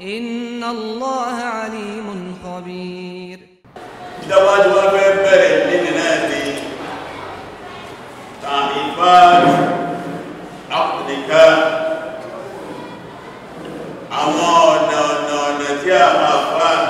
إن الله عليم خبير دواد وفبر لننادي تعريفات عقدك àwọn ọ̀nà ọ̀nà ọ̀nà tí a máa fà á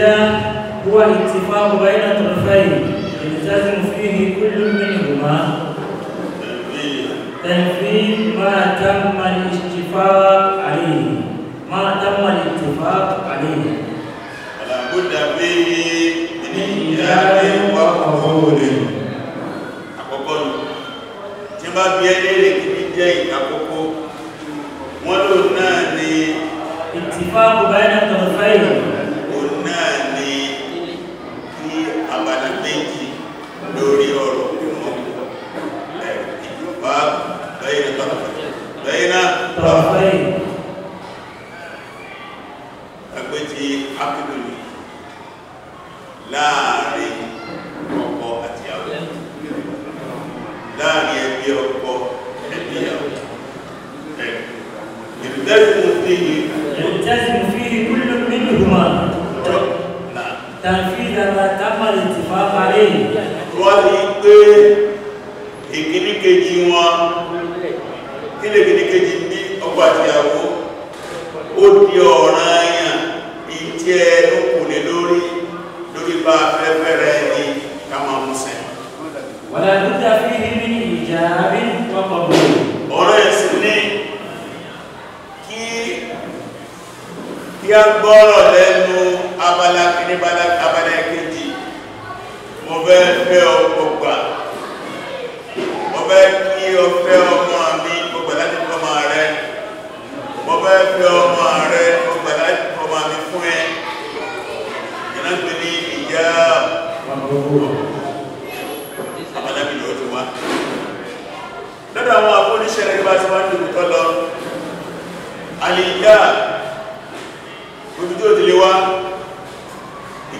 الابتداء هو الاتفاق بين طرفين يلتزم فيه كل منهما تنفيذ ما تم الاتفاق عليه ما تم الاتفاق عليه فلا بد فيه من إيجاب وقبول àkọ́kọ́ ni tí bá bí ẹlẹ́rẹ̀ kí ní jẹ́ ìkàkọ́kọ́ wọ́n lò náà ni ìtìfáàkù báyẹ̀ tọ̀fẹ́ ìlú abala méjì lórí ọ̀rọ̀ ìmọ̀ ìjọba lẹ́yìn tọ́fẹ́ lẹ́yìn tọ́fẹ́ ẹgbẹ́ ti akíbìlì láàrin ọkọ àti àwọn láàrin ẹbí ọkọ ẹbí àwọn ìrìndẹ́sìn ti yìí tàfíìdàmà tábàlì ti fa parí wọ́n rí pé ìkíníkejì wọn kí lè kíníkejì ní ọgbà àtìyàwó ó di ọ̀ràn ayàn ìjẹ́ ẹnu kò lè lórí lórí bá fẹ́fẹ́rẹ́ ní kama musẹ̀ wọ́n láti tàfí ní ìjà àbí ọkọ̀ ọ̀rọ̀ ẹ̀sìn ní kí a gbọ́rọ̀ lẹ́nu abala kìíní bala abala kejì mo fẹ́ fẹ́ ọkọ̀ gbà mo fẹ́ kí o fẹ́ ọmọ mi mo gbà láti fọ́ ọmọ rẹ mo fẹ́ fẹ́ ọmọ rẹ mo gbà láti fọ́ ọmọ mi fún ẹ ìyànà tó ní ìyá abala mi ló ti wá lọ́dọ̀ àwọn afọ́níṣẹ́ rẹ̀ bá ti wá ní ìbùtọ́ lọ àlè ìyá tó ti lè wá.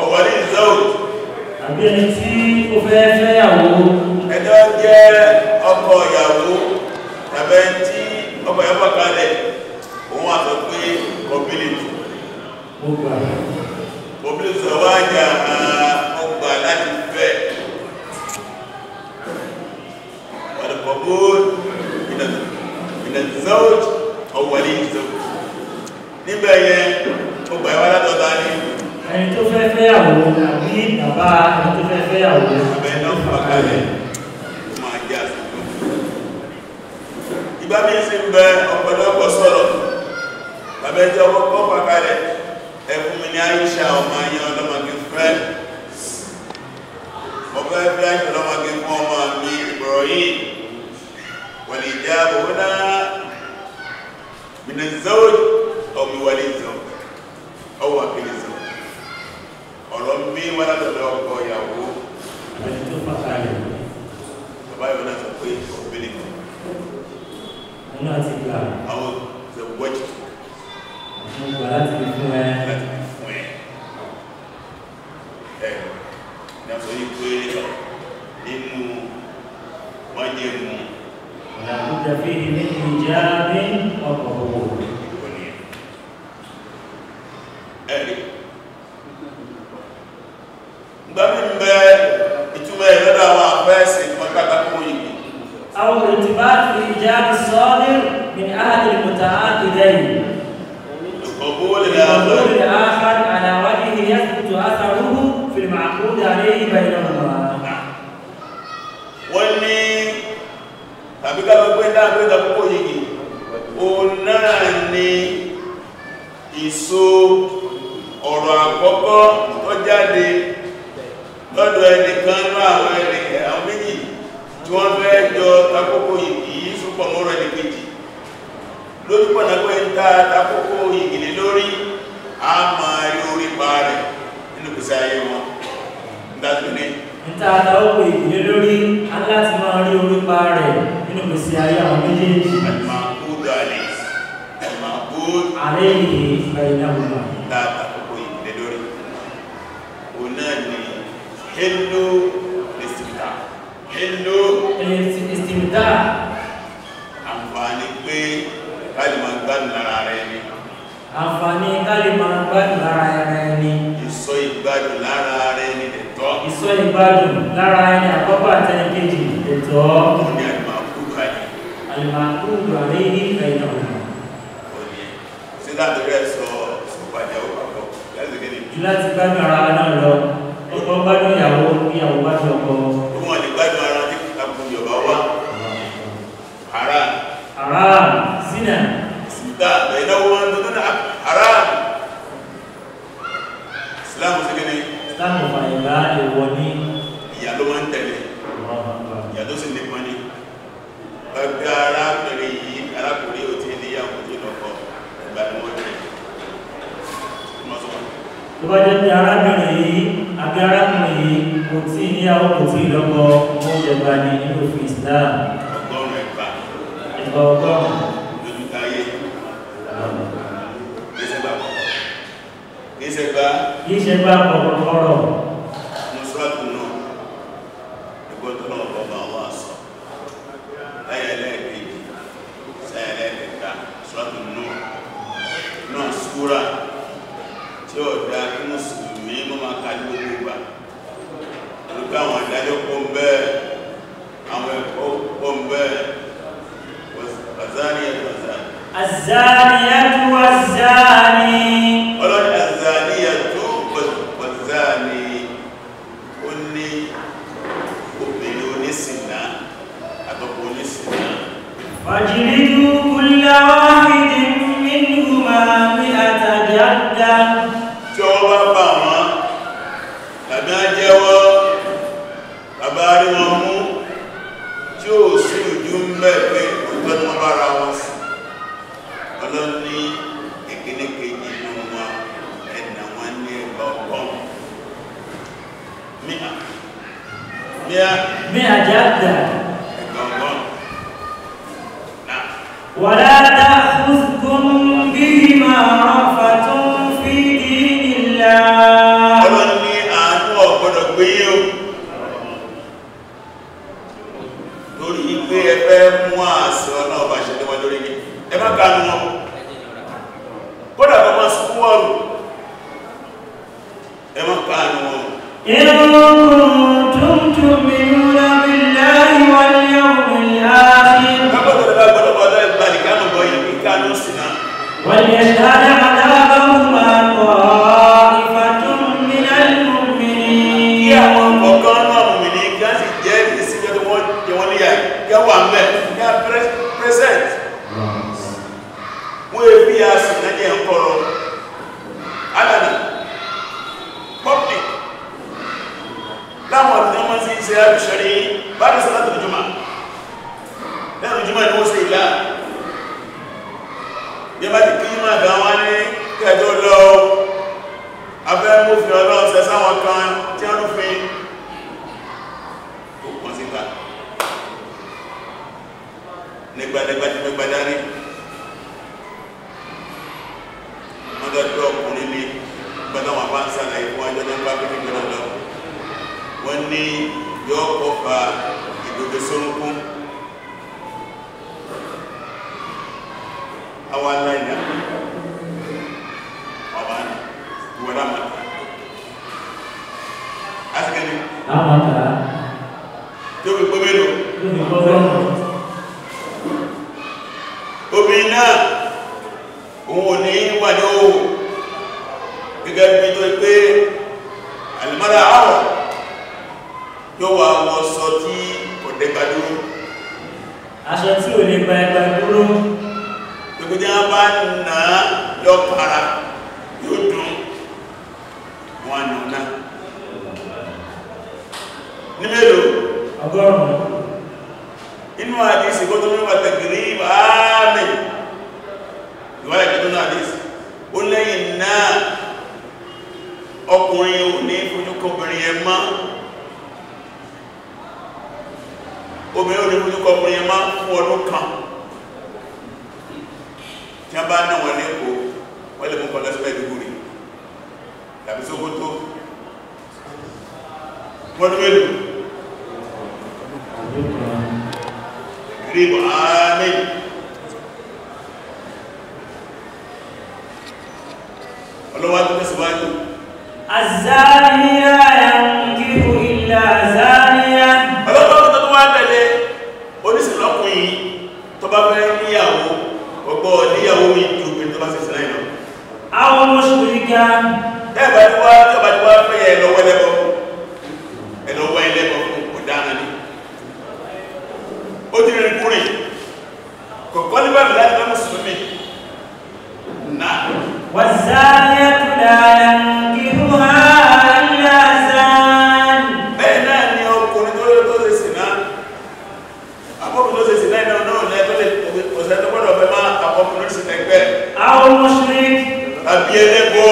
ọ̀wọ̀lì zout àbí ẹni tí ó fẹ́ fẹ́yàwó ẹjọ́ jẹ́ ọkọ ìyàwó tàbí ẹni tí ọkọ ìyàwó kalẹ̀ òun àtọ̀ pé kọbílìtì kọbílìtì ọwọ́ àjà ọgbà láti fẹ́ ọ̀dọ̀kọ̀bọ́ọ̀lù ìdàtìzọ́ọ̀tì ọ̀wọ̀lì zout níbẹ̀ yẹn ọgbà ìwádàtọ̀ dání ẹni tó fẹ́ fẹ́ yàwó àbí bàbá ẹni tó fẹ́ fẹ́ yàwó. àbẹ̀ náà fà kalẹ̀ máa jẹ́ àsìkò. ìgbà mi sì ń bẹ ọ̀pọ̀lọpọ̀ sọ̀rọ̀ bàbá ẹjọ́ kọ́ fà kalẹ̀ ẹkún mi ní Aisha ọmọ ayé ọlọ́mọge fẹ́ ọgbẹ́ fẹ́ Aisha ọlọ́mọge fún ọmọ mi Ibrahim wọ̀lì ìjà òun náà mìnà zawj ọmọ ìwọlé zawj ọwọ́ àkìlẹ̀ ọ̀rọ̀ ń bí wọ́n látọ̀dọ̀ ọkọ ìyàwó bàbá ìwọ̀n náà sọ pé ọ̀bẹ̀lẹ̀ kan àwọn ṣe wọ́jì láti fi fún ẹ ẹ̀ ní a sọ yí pé nínú wọ́n jẹ́ mú ọ̀nà kúta fi ní ìjà ní ọkọ̀ والمولود الآخر على وجهه يثبت أثره في المعقود عليه بينهما wọ́n ní tàbí ká gbogbo ẹ̀dá àgbẹ́ta púpọ̀ yìí òun náà ni ìso ọ̀rọ̀ àkọ́kọ́ tó jáde lọ́dọ̀ ẹnìkan ní àwọn ẹnìkẹ́ àwọn méjì tí wọ́n fẹ́ jọ takókò yìí súpọ̀ mọ́rọ̀ ẹnìkejì lójúpọ̀ náà pé ń ta takókò yìí lórí a máa rí orí pa rẹ̀ nínú kùsí ayé wọn dájú ní níta àtàwọ̀pọ̀ ìpìlẹ̀ lórí aláti máa rí orí pa rẹ̀ nínú kùsí ayé àwọn méjèèjì àlẹ́ ìyè ìfẹ̀yìnàwó dáadáa àkókò ìpìlẹ̀ lórí òun náà ni hello lesbita hello lesbita àǹfààní pé káàdì máa gbádùn ni àǹfààní kálí máa gbádùn lára ara ẹni ìsọ ìgbádùn lára ara ẹni ẹ̀tọ́ ìsọ ìgbádùn lára ẹni àkọ́kọ́ àtẹni kejì ẹ̀tọ́ ní àlùmọ̀kúrò ayé àlùmọ̀kúrò ayé ní ìfẹ̀yìn ọ̀nà òní sí láti rẹ̀ sọ ìsọ̀pàdé ọ̀pọ̀ láti gẹ́ni jù láti gbádùn ara náà lọ ọkọ̀ gbádùn ìyàwó ìyàwó gbádùn ọkọ̀ wọn lè gbádùn ara ní àbùn yọ̀bá wá ara ara sínà sùdá ẹ̀dáwó máa ń ló wọ́n tẹ̀lé ìyàtọ̀ sí ní pọ́nlé gbogbo arákùnrin yìí arákùnrin ò tí ní ìyàwó tí lọ́kọ̀ ìgbà ni wọ́n tẹ̀lé tó bá jẹ́ pé arábìnrin yìí àbí arákùnrin yìí kò tí níyàwó kò tí lọ́kọ oúnjẹ ọ̀rọ̀ الزانية والزاني الزانية والزاني ولن الزانية والزاني قلني قبلوني سنة أتقوني سنة فاجلدوا كل واحد منهما مئة جلدة جواب بابا لما جواب bàbá rí wọn mú tí ó sí ojú ń bẹ̀ pé ọlọ́ni ìkíní kejì inú wọn ẹ̀nà wọn ní ọgbọ́n mí à mí à jẹ́ àdá ẹgbà ọgbọ́n wàlá ta'khudhukum bihima rafatun fi dinillah inú àdísì kó tó ní wà tẹ̀gìrí ààmì ìwádìí kó tó ní àdísì ó lẹ́yìn náà ọkùnrin ò ní fojúkọbìnrin ẹ má obìnrin ò ní fojúkọbìnrin ẹ má fún ọdún kan tí a bá náà wọ́n lẹ́kọ̀ọ́ wọ́n lè mú kọ́ lọ́sílẹ̀ ìdúgbò rí tàbí Sókótó wọ́n tó mélòó قريب آمين الله أكبر سبحانه الزانية لا ينكح إلا زانية ọlọ́pàá tó wá tẹ̀lé oníṣẹ́lọ́kùnrin tó bá fẹ́ níyàwó ọgbọ́ níyàwó ìjú pé tó bá sì sílẹ̀ lọ àwọn mọ́ṣùlùmí gan ẹ̀bà tí wá ti rìn kúrìn kò kọ́ ní bàbá láti bá mùsùlùmí nà. wàzáyà tó dára kí ló máa ń yá sáán. bẹ́ẹ̀ náà ni ọkùnrin tó lọ́dọ̀ tó ṣe sì náà àbọ̀kùnrin tó ṣe sì náà náà náà lẹ́tọ́ lè ọ̀sẹ̀ tó gbọ́dọ̀ fẹ́ máa àbọ̀kùnrin tó ṣe tẹ̀gbẹ́. àwọn mùsùlùmí. àbí ẹlẹ́gbọ́.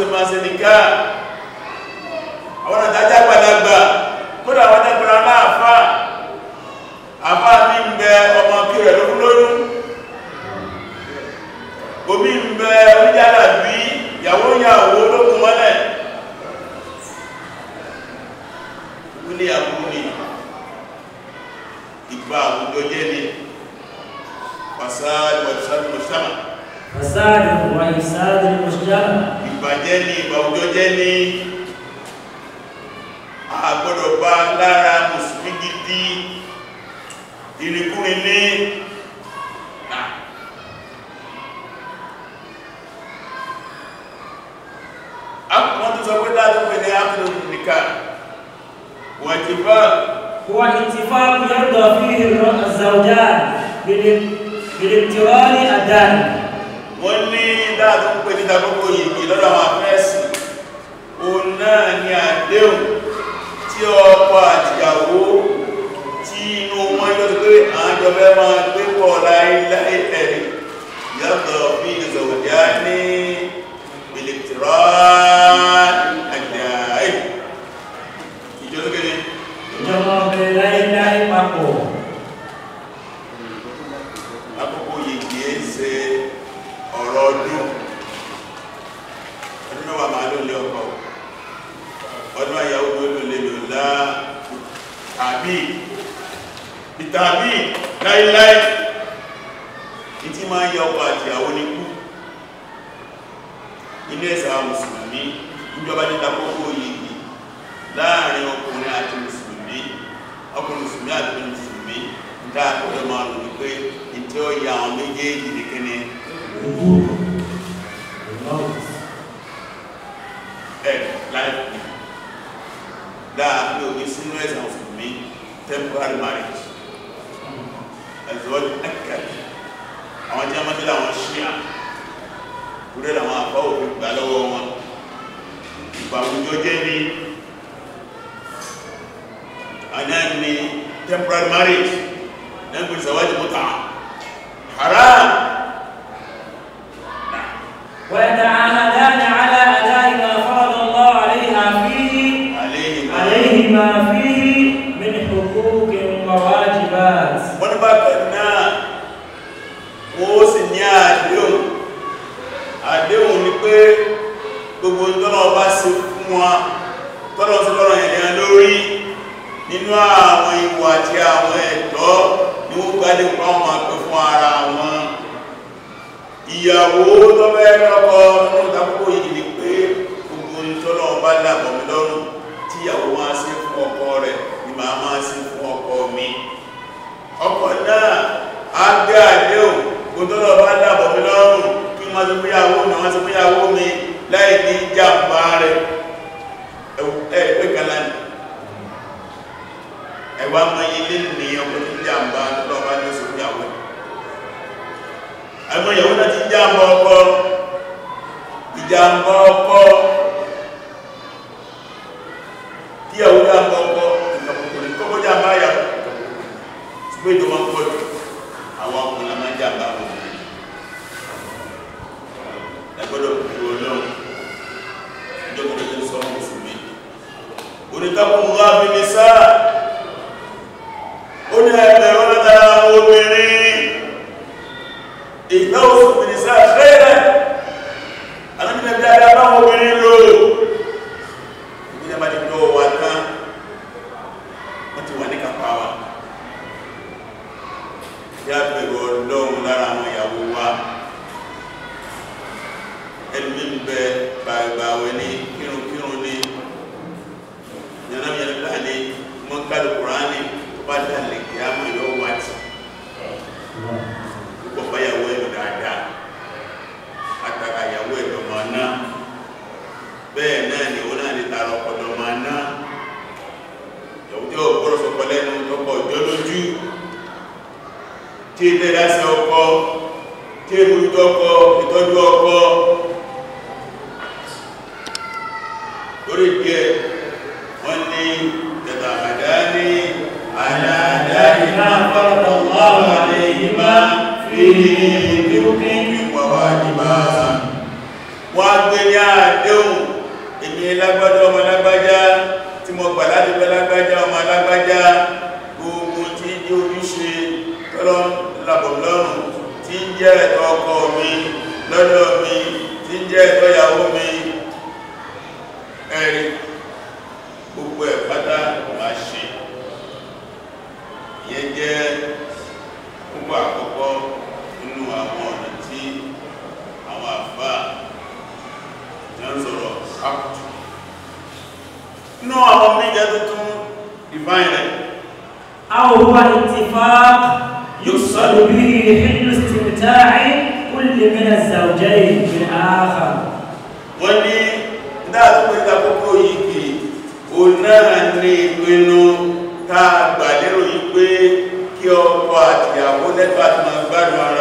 se fazem de cá ìtí máa ń ya ọkọ àti ìyàwó ní kú ilé ẹ̀sà mùsùlùmí ìjọba ní takókó yìí láàrin ọkùnrin àti mùsùlùmí ọkùnrin mùsùlùmí àti mùsùlùmí níta àkọ́kọ́ máa lò wípé ìtí ó ya àwọn méjèèjì nìkíní ẹ̀ láìpẹ́ dáa pé òní sínú ẹ̀sà mùsùlùmí temporary marriage ẹ̀zọ́ ẹ̀kẹ́kẹ́ àwọn tí wọ́n máa tẹ́lẹ̀ àwọn ṣíà kúrẹ́ làwọn àbá òfin gbà lọ́wọ́ wọn ìgbàwùjọ jẹ́ ní àná ní temporary marriage lẹ́gbẹ̀ẹ́ ìsàwájú mọ́ta haram ويتعاهدان على أداء ما فرض الله عليها فيه عليهما فيه من حقوق وواجبات. wọn tọ́lọ̀ sí lọ́rọ̀ ẹ̀yà lórí nínú àwọn ìwà àti àwọn ẹ̀tọ́ ni wọ́n gbádé pàwọn àpẹ fún ara wọn ìyàwó tó bẹ́ẹ̀ lọ́kọ́ nínú ìtàkùkù yìí ni pé gbogbo ní tọ́lọ̀ bá dàbọ̀ mi lọ́rùn tí ìyàwó máa ṣe fún ọkọ rẹ̀ ni màá máa ṣe fún ọkọ mi ọkọ náà á gbé àdéhùn kò tọ́lọ̀ bá dàbọ̀ mi lọ́rùn kí wọ́n ti fúyàwó mi wọ́n ti fúyàwó mi láì ní jàmbá rẹ̀ ẹ ẹ kala ni ẹ wá máa yé lé nìyẹn wọn ti jàmbá lọ́wọ́ bá ní oṣù ìyàwó àwọn ìyàwó náà ti jàmbá ọkọ ìjàmbá ọkọ tí ìyàwó jàmbá ọkọ ìkàkùnkùnrin kọ́kọ́ jàmbá ìyàwó ṣùgbọ́n ìjọba ń pọ̀ jù àwọn ọkùnrin la máa ń jàmbá ọkọ ẹ gbọ́dọ̀ kúrò lọ́wọ́ ìjọba ń sọ oníkàkùnrin àbínisa ó ní ẹgbẹ̀rún látara obìnrin òsùn máa gbádùn ara.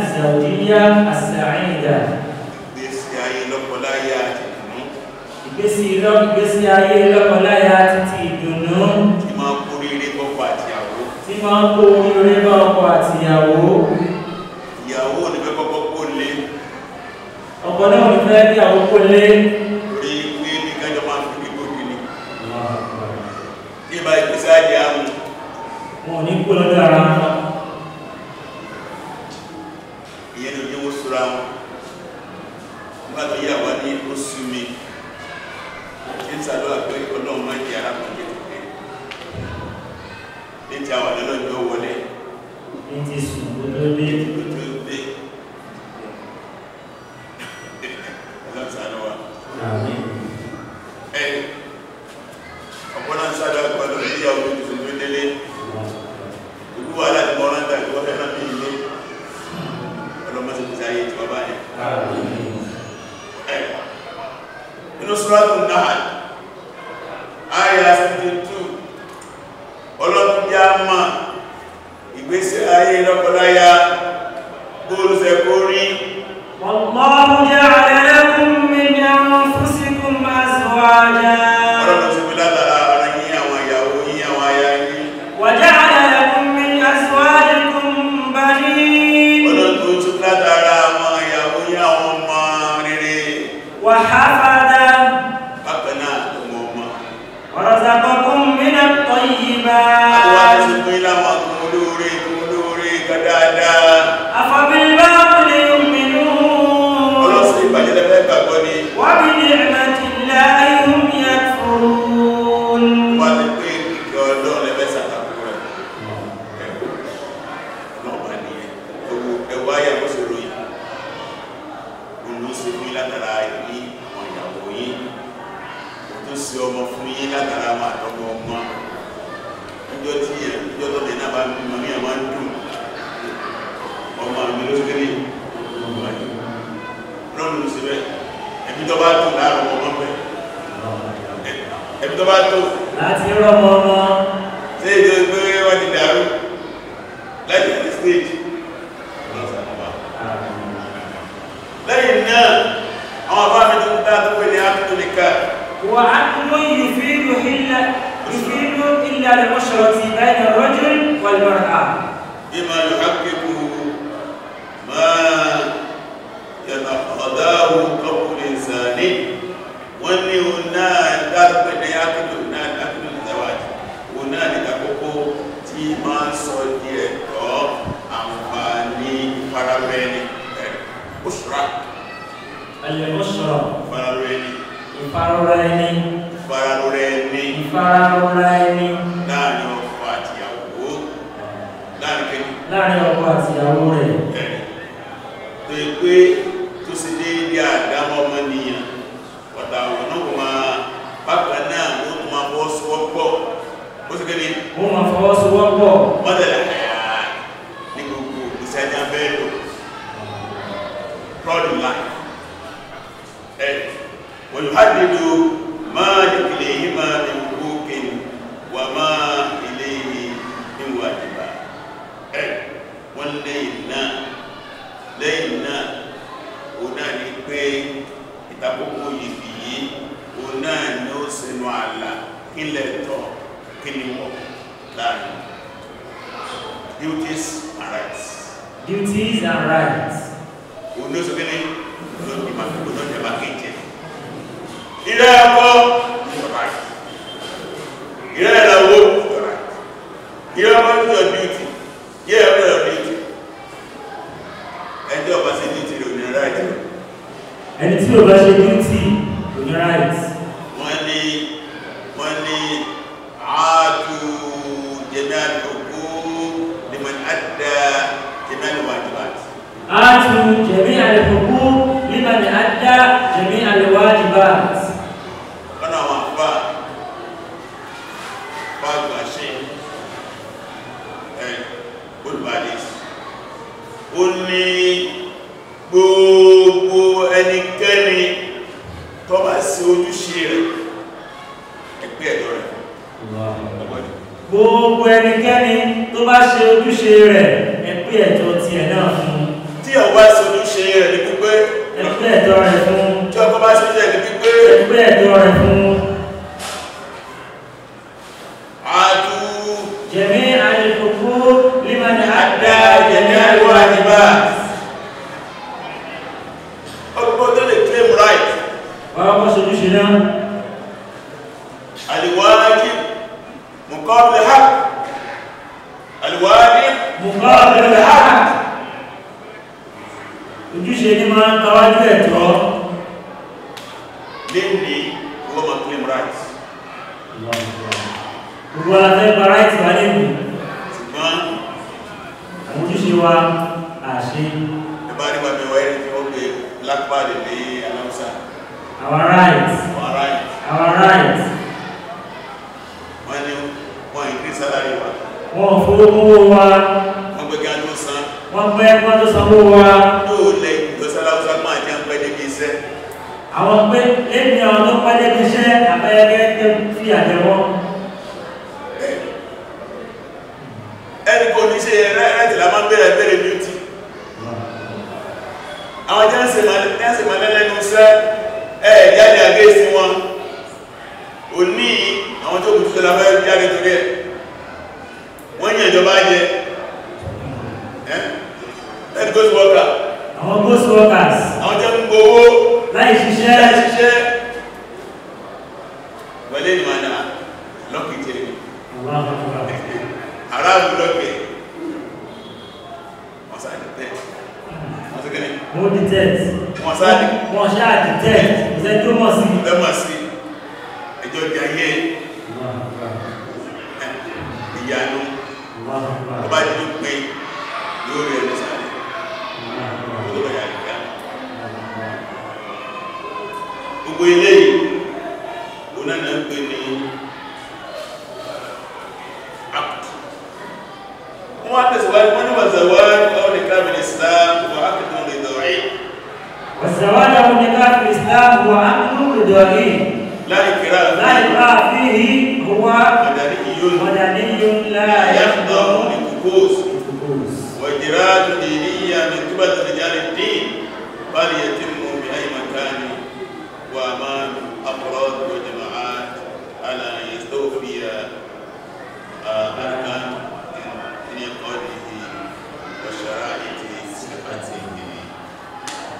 àzàwòdíyá àsàáyìdà ìgbésí ayé lọ́kọláya ti dùnú ìgbésí ayé lọ́kọláya ti dùnú tí máa kó rere bọ́kọ àtìyàwó tí máa kó rere bọ́kọ àtìyàwó ìyàwó ní fẹ́ kọ́kọ́ kó lé ọkọ náà ní fẹ́ kí àwọn kó lé rí pé ní kájọ máa fi gbígbó gbìnì kí bá ìgbésí ayé àmú wọn ò ní kó lọ́dọ̀ ara sàlọ́ àgbẹ̀ ọlọ́run má jẹ́ arákùnrin kékeré ní ti àwọn ọ̀dọ́ náà ń lọ wọlé. ní ti sùn lórí. ló ṣe fún yín látara yín ọmọ ìyàwó yín kò tó ṣe ọmọ fún yín látara ọmọ àtọmọ ọmọ ọjọ́ tí ọjọ́ tó lè náà bá mi mọ̀ ní ẹ̀ máa ń dùn ọmọ mi ló kéré ọmọ yìí lọ́nà ṣe bẹ́ẹ̀ ẹbí tó bá tó láàrọ̀ ọmọ bẹ́ẹ̀ ẹbí tó bá tó. láti rọ́mọ ọmọ. وعقل يفيد حل يفيد إلا العشرة بين الرجل والمرأة بما يحقق ما يتقاضاه قبول الإنسان واللي هنا دابة يأكل هنا الأكل الزواج هنا لتكوكو تيما صوتي أنفاني فرابيني أسرة الأسرة فرابيني ìfarora ẹni ìfarora ẹni ìfarora ẹni láàrin ọkọ àti ìyàwó láàrin kẹ́kẹ́ láàrin ọkọ àti ìyàwó rẹ̀ tó yẹ pé tó sì déédé àdámọ́ ọmọnìyàn ọ̀tàwọ̀ náà kò máa bákan náà ó tún máa fọwọ́ sowọ́pọ̀ ó sì kéde ó máa fọwọ́ sowọ́pọ̀ mọ́tẹ̀lá ní gbogbo proud life. Hey. ويحدد ما إليهما من حقوق وما إليه من واجبات wọ́n lẹ́yìn náà lẹ́yìn náà òun náà ní pé ìtàkùnkù yìí fi yìí òun náà ní ó sinú àlà kílẹ̀ tọ̀ kí ni wọ́n láàrin duties and rights. duties and rights. òun ló sọ pé ní ọjọ́ ìgbà kejì ẹ̀ ilé ọkọ ìjọba ilé ìlàwó ìjọba ilé ọkọ ìjọba bíútì ilé ọkọ ìjọba bíútì ẹjọ́ ọba ṣe bíútì rẹ̀ òmìnira ìjọba ẹni tí ó bá ṣe bíútì òmìnira ìjọba àwọn jẹ́sìn mọ́lẹ́lẹ́nu sẹ́ ẹ̀ jáde àgéèsí wọn ò ní àwọn tó kùtù tọ́lá fẹ́ jáde torí ẹ̀ wọ́n yìn ìjọba jẹ ẹ́ ghost worker àwọn ghost workers àwọn jẹ́ ń gbowó láì ṣiṣẹ́ láì ṣiṣẹ́ wọlé ìmọ̀nà lọ́kìtì ara lọ́kìtì wọ́n detect wọ́n sáàdì wọ́n sáà detect ìṣẹ́ tó mọ̀ sí lẹ́mọ̀ sí ẹjọ́ ìjà yẹ ìyanu ọba jù pé yóò rí ẹni sáàdì gbogbo ilé yìí ó náà ń pè ní wọ́n á tẹ̀síwájú wọ́n ní wàzàwá ọ̀rẹ́ kábìnì islam والزواج والنكاح في الإسلام هو أمر لدولي لا إكراه لا إكراه فيه هو مدني مدني لا يخضع للطقوس وإجراء دينية من قبل رجال الدين بل يتم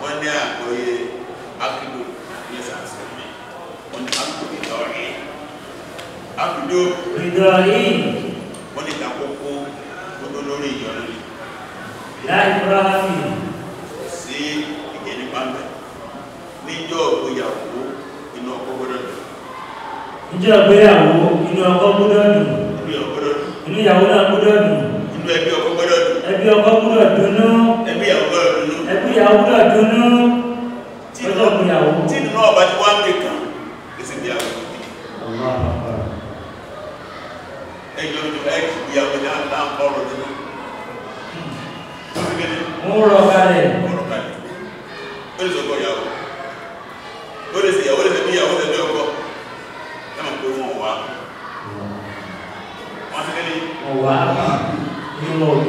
wọ́n ní àgbọ́yé akido ní ìsànsẹ́ mi wọ́n ní akido ìdọ́rí akido ìdọ́rí wọ́n ní ìdákókó tó lórí ìyọ́nú ni. láì ráàfì. kò sí ìgẹ̀ nípa mẹ́ níjọ́ ìgbéyàwó inú ọkọ gbọ́dọ̀ dùn. níjọ́ ìgbéyàwó inú ọkọ gbọ́dọ̀ dùn. inú ọkọ gbọ́dọ̀ dùn. inú ìyàwó náà gbọ́dọ̀ dùn. inú ẹbí ọkọ gbọ́dọ̀ dùn. ẹbí ọkọ gbọ́dọ̀ dùn náà. ẹbí ìyàwó ìyàwó náà dúnú tí lọ́jọ́ ìyàwó tí nínú ọba tí wọ́n lè kàn lẹ́sẹ̀ ìyàwó ẹjọ́ ìjọ ẹ̀kì ìyàwó ní àlàkọ́rọ̀ nínú mo rọ̀ kalẹ̀ mo rọ̀ kalẹ̀ ó lè sọ́kọ̀ ìyàwó ó lè sèyàwó lè sẹ́bí ìyàwó lẹ́bí ọkọ̀ ẹmọ̀ pé wọ́n wá wọ́n sí kẹ́lẹ̀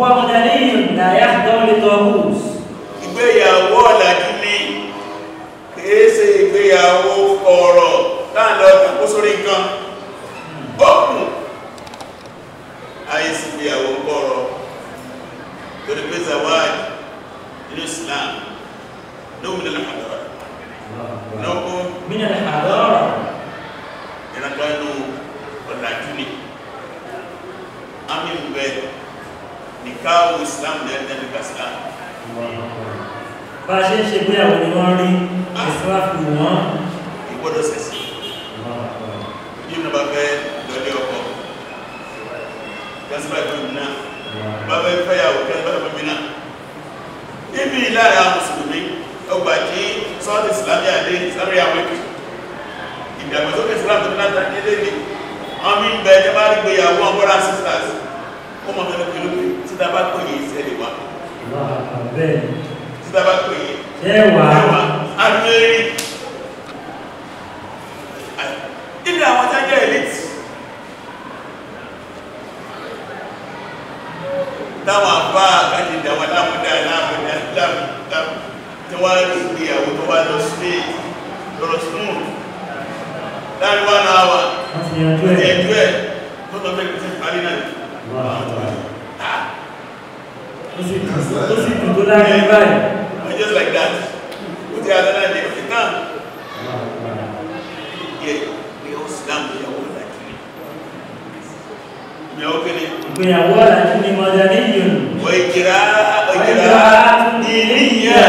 wọ́n mọ̀dàlẹ́yìn láyá dánlétọ́gùs ìgbéyàwó ọ̀làjú ní kèése ìgbéyàwó ọ̀rọ̀ láàrín ọdún kó sórí nǹkan ọkùn àìsí ìgbéyàwó ọ̀rọ̀ torí pé zawaj nínú Islam lóhun nílẹ̀ àdọ́rà lọ́kún mílẹ̀ àdọ́rà ìrànkan inú ọ̀làjú ní àmì ń bẹ́ẹ̀ nìkáwó islam lẹ́ẹ̀dẹ́ nípa islam bá ṣe ń ṣe gbéyàwó ni wọ́n rí ìsìláàfù wọ́n ìgbọ́dọ̀ sẹ̀sì bí ọ̀nà bá fẹ́ lọ́lẹ́ ọkọ̀ gásíbà ìgbọ́n náà bá fẹ́ fẹ́yàwó gásíbà ìgbọ́n náà ibi lára mùsùlùmí ọgbà tí sọ́ọ̀tì ìsìláàmì àdé ìsìláàmì àwẹ́kì ìdàgbàsókè ìsìláàmì tó náà nílé ni wọ́n mi ń bẹ bá rí síta bá pè yín sẹ́lẹ̀ wá. síta bá pè yín ẹwà àmìrí nínú àwọn tájẹ́ elite táwọn àbá àkájì ìdáwọn lámúdá lámúdá lámúdá tí wọ́n rí ìgbéyàwó tó wá lọ sí lọ́rọ̀ smooth láàrin wà náà wà ti ẹjọ́ ẹ̀ tó lọ bẹ́ẹ̀ tí parí náà to ó to dùn tó láàrin báyìí. just like that ó ti àdáná ní ọ̀sẹ̀ náà yẹ ìyàwó sílámù ìyàwó làkìrì ìyàwó kìrì. ìgbéyàwó làkìrì mọ̀jà níyìn. ọ̀ìkìrá ọ̀ìkìrá ìlíyà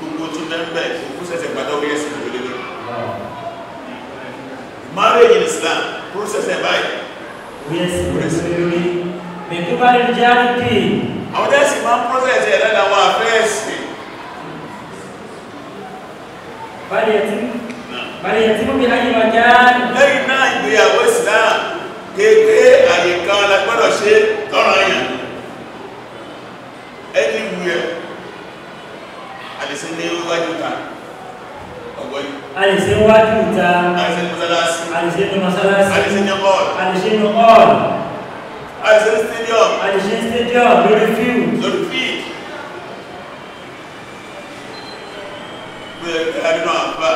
gbogbo tí bẹ́ẹ̀ bẹ́ẹ̀ kò sẹ̀sẹ̀ pàtó wíyẹ̀ sí ìlú lélẹ̀. marriage in Islam process ẹ̀ báyìí. wíyẹ̀ sí ìlú lélẹ̀. mẹ̀tọ́ bá lè jẹ́ àdúgbò àwọn tẹ́sí máa ń process ẹ̀ lẹ́nu àwọn àfẹ́ẹ̀sì. balẹ̀ ẹ̀tí balẹ̀ ẹ̀tí mú mi láyé wọn já. lẹ́yìn náà ìgbéyàwó Islam kéèké àyè kan la gbọ́dọ̀ ṣe tọ́rọ yẹn ẹni wúyẹ àdìsí ní wájú ta ọgbọ́n wájú ta àdìsí ní mọ́sálásí àdìsí ní mọ́sálásí àìsàn stadium àìsàn stadium lórí field lórí field bóyá ẹgbẹ́ nínú àbá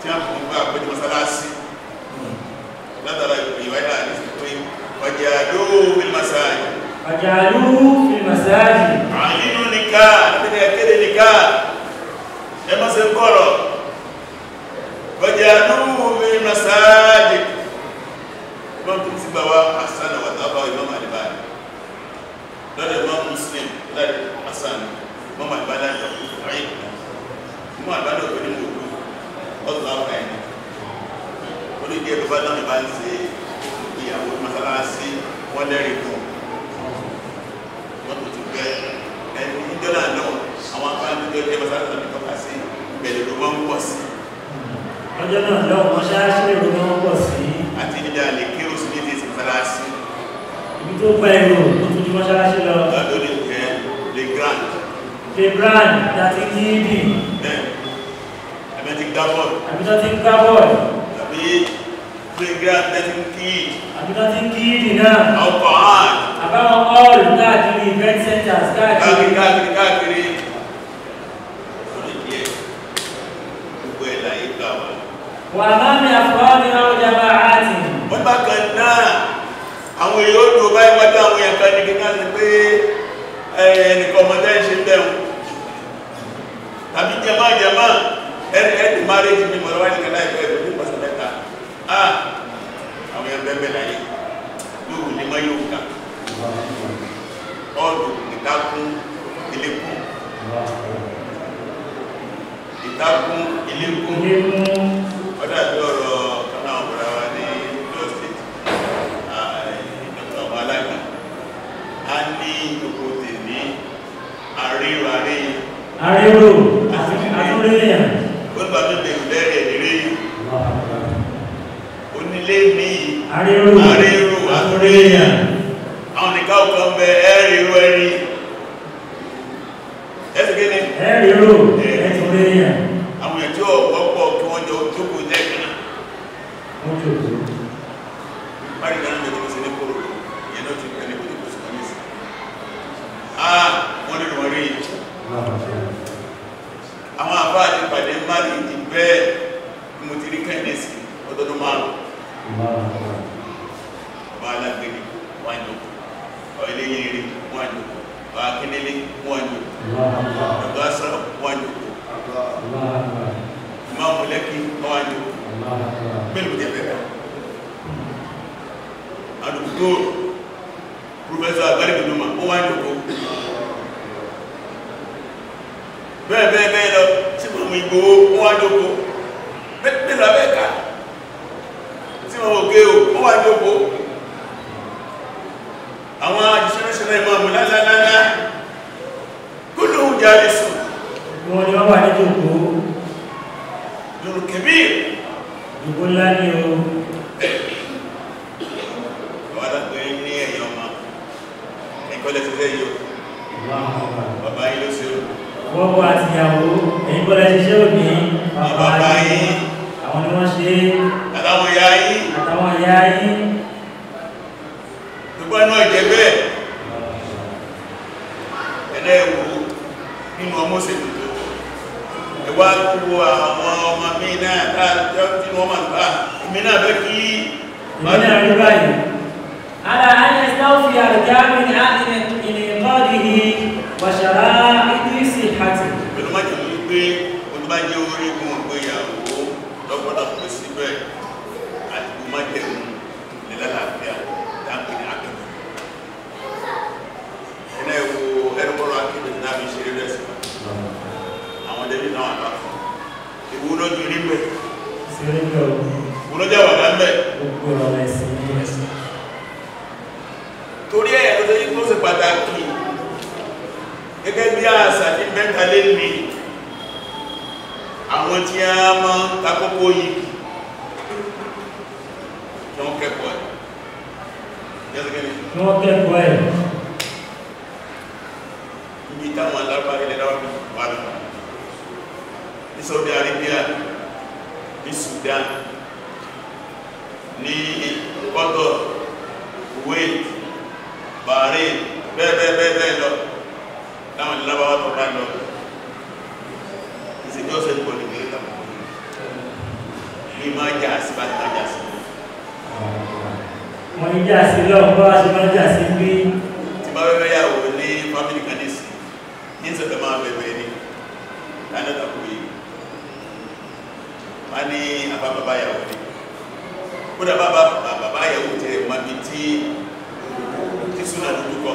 tí a kò gbà pé ní mọ́sálásí látara ìwà náà ní pé ọjà lóò fi masáàjì ọjà lóò fi masáàjì àìnínú nìka àtẹ́lẹ̀ kéde nìka ẹ mọ́sẹ̀ ń kọ̀rọ̀ ọjà lóò fi masáàjì imam tó ti gbà wá hasan àwọn tábà imam alibari lọ́dọ̀ imam muslim láti hasan imam alibari láti ọkùnrin ayé imam alibari ọ̀gbẹ́ ní mòlú ọ̀tún àwọn ẹni onídìí ẹ̀rọ bá dáhùn bá ń ṣe ìyàwó masalasi wọn lẹ́rìí kan wọ́n tó ti gbẹ ẹni ìjọba náà àwọn afáàlú tó jẹ́ masalasi náà nípa sí ìbẹ̀rẹ̀ ló wọ́n pọ̀ sí. ọjọ́ náà lọ́wọ́ mọ́ṣáláṣí lè pọ̀ sí. àti nídàá lè mọ́ṣáláṣí. ibi tó pẹ́ ẹ̀rọ tó tún ju mọ́ṣáláṣí lọ. lọ́dọ̀ lè jẹ́ grand. the grand láti ní ibi. ẹ̀mẹ́ ti gbá bọ́ọ̀lù. àbí tó ti gbá bọ́ọ̀lù. tàbí grand láti ń kí. àbí tó ti ń kí ìdì náà. ọkọ̀ hàn. àbáwọn hall káàkiri event centers káàkiri. káàkiri káàkiri káàkiri. wàmá mi àfọwọ́ ni wọ́n jẹ́ bá a ti. wọ́n bá kan náà àwọn èèyàn ó dùn báyìí wájú àwọn èèyàn kan ní kí ká ṣe pé ẹnìkan ọmọdé ń ṣe bẹ́ẹ̀ tàbí jẹmọ́ jẹmọ́ ẹni ẹni márèjì mi mọ̀ lọ́wọ́ nìkan láìpẹ́ ẹ̀rọ ní pàṣẹ mẹ́ta ah àwọn èèyàn bẹ́ẹ̀ bẹ́ẹ̀ láyé yóò ní mọ́ yóò kà ọ̀dùn ìtakùn ìlẹ́kùn ìtakùn ìlẹ́kùn ọ̀dà bí àríwá rí àríwò àtúnlélẹ̀ gbọ́gbà tó lè lẹ́rẹ̀ rí onílé ní àríwò àtúnlélẹ̀ àwọn nìká ọkọ̀ ń bẹ ẹ̀rìwò ẹ̀rí ẹ̀sìnkẹ́ ni ẹ̀rìwò ẹ̀túnlélẹ̀ àwọn ẹ̀tí ọ̀pọ̀pọ̀ kí wọ́n jọ jókòó lẹ́kànnà Ah! wọ́n ní wọ́n rí ìjì àwọn àbá àti pàdé márì ìdí bẹ́ẹ̀ ni mo ti rí kẹ́ẹ̀nẹ́sì ọdọọdún márùn-ún ọba alágbèrè wọ́n àjọkọ̀ ọ̀ẹ́lẹ́yìn rí wọ́n àjọkọ̀ akínílé wọ́n àjọkọ̀ ọ̀dọ́ àṣàrọ̀ wọ́n àjọkọ̀ ìmáàmù lẹ́kì wọ́n àjọkọ̀ mélòó jẹ́ bẹ́ẹ̀ àdùgbò pùrọfẹ́sọ̀ àgbàrí gbẹ̀dùmá ó wá bẹ́ẹ̀ bẹ́ẹ̀ bẹ́ẹ̀ lọ tí mo mú Ìgbòho wọ́n wá jókòó mélòó abẹ́ ká tí mo mọ̀ gé o wọ́n wá jókòó àwọn àjíṣẹ́rẹ́ṣẹ́ náà máa lálálálá kó lóun jáde sùn. wọ́n ni wọ́n wà ní jókòó. lòrò kẹ̀mí. ìbò ńlá ni o. àwọn alágbèrè ní ẹ̀yàn ọmọ ẹ̀kọ́ lẹ́sẹ̀ yìí o bàbá yìí ló ṣe o wọ́pọ̀ àtìyàwó ẹ̀yìn bọ́lẹ̀ ṣiṣẹ́ òní bàbá yìí àwọn ni wọ́n ṣe àtàwọn ìyá yìí àtàwọn ìyá yìí dúpẹ́ náà jẹ́ bẹ́ẹ̀ ẹ̀dẹ́ ìwò nínú ọmọ òṣèlú tó ẹwà gbogbo àwọn ọmọ mi náà tààjọ́ tí wọ́n máa bá mi náà bẹ́ kí mọ́nà rí báyìí ala an yastawfi arjamin ahli min qadihi wa shara'idi bá jẹ́ orígun ìgbéyàwó lọ́gbọ́dọ̀ pín síbẹ̀ àti kò má jẹ́ òun lè lálàáfíà dáńpé ní akéwì iná ewu ẹnubọ́rọ̀ akéwì náà fi ṣeré rẹ̀ sí àwọn jẹ́bi náà wà fún ìwú lójú rí bẹ̀ ìwú lójú àwọn àgbà bẹ̀ torí ẹ̀ lọ́jọ́ yìí tó ṣe pàtàkì gẹ́gẹ́ bí àṣà ní mẹ́ta lé nìyí àwọn tí a máa ń takókó yìí kí wọ́n kẹ́kọ̀ọ́ ẹ̀ kí wọ́n kẹ́kọ̀ọ́ ẹ̀ ibi táwọn alábá ilẹ̀ láwọn wà lọ ní Saudi Arabia ní Sudan ní Qatar Kuwait Bahrain bẹ́ẹ̀ bẹ́ẹ̀ bẹ́ẹ̀ lọ láwọn alábá wà tó bá lọ It's just anybody will come. Ní máa jà sí bá ti máa jà sí. Wọ́n ń jà sí lọ́wọ́ bá ṣe máa jà sí bí. Tí bá bẹ́ẹ̀ yà wò ní family kan nísì, ní sọ̀tọ̀ máa bẹ̀bẹ̀ ni, dáná dàkú yìí. Má ní àbá bàbá yà wò ní. Kódà bàbá bàbá yà wò jẹ́ ìmọ̀ bíi tí tí súnà lójúkọ.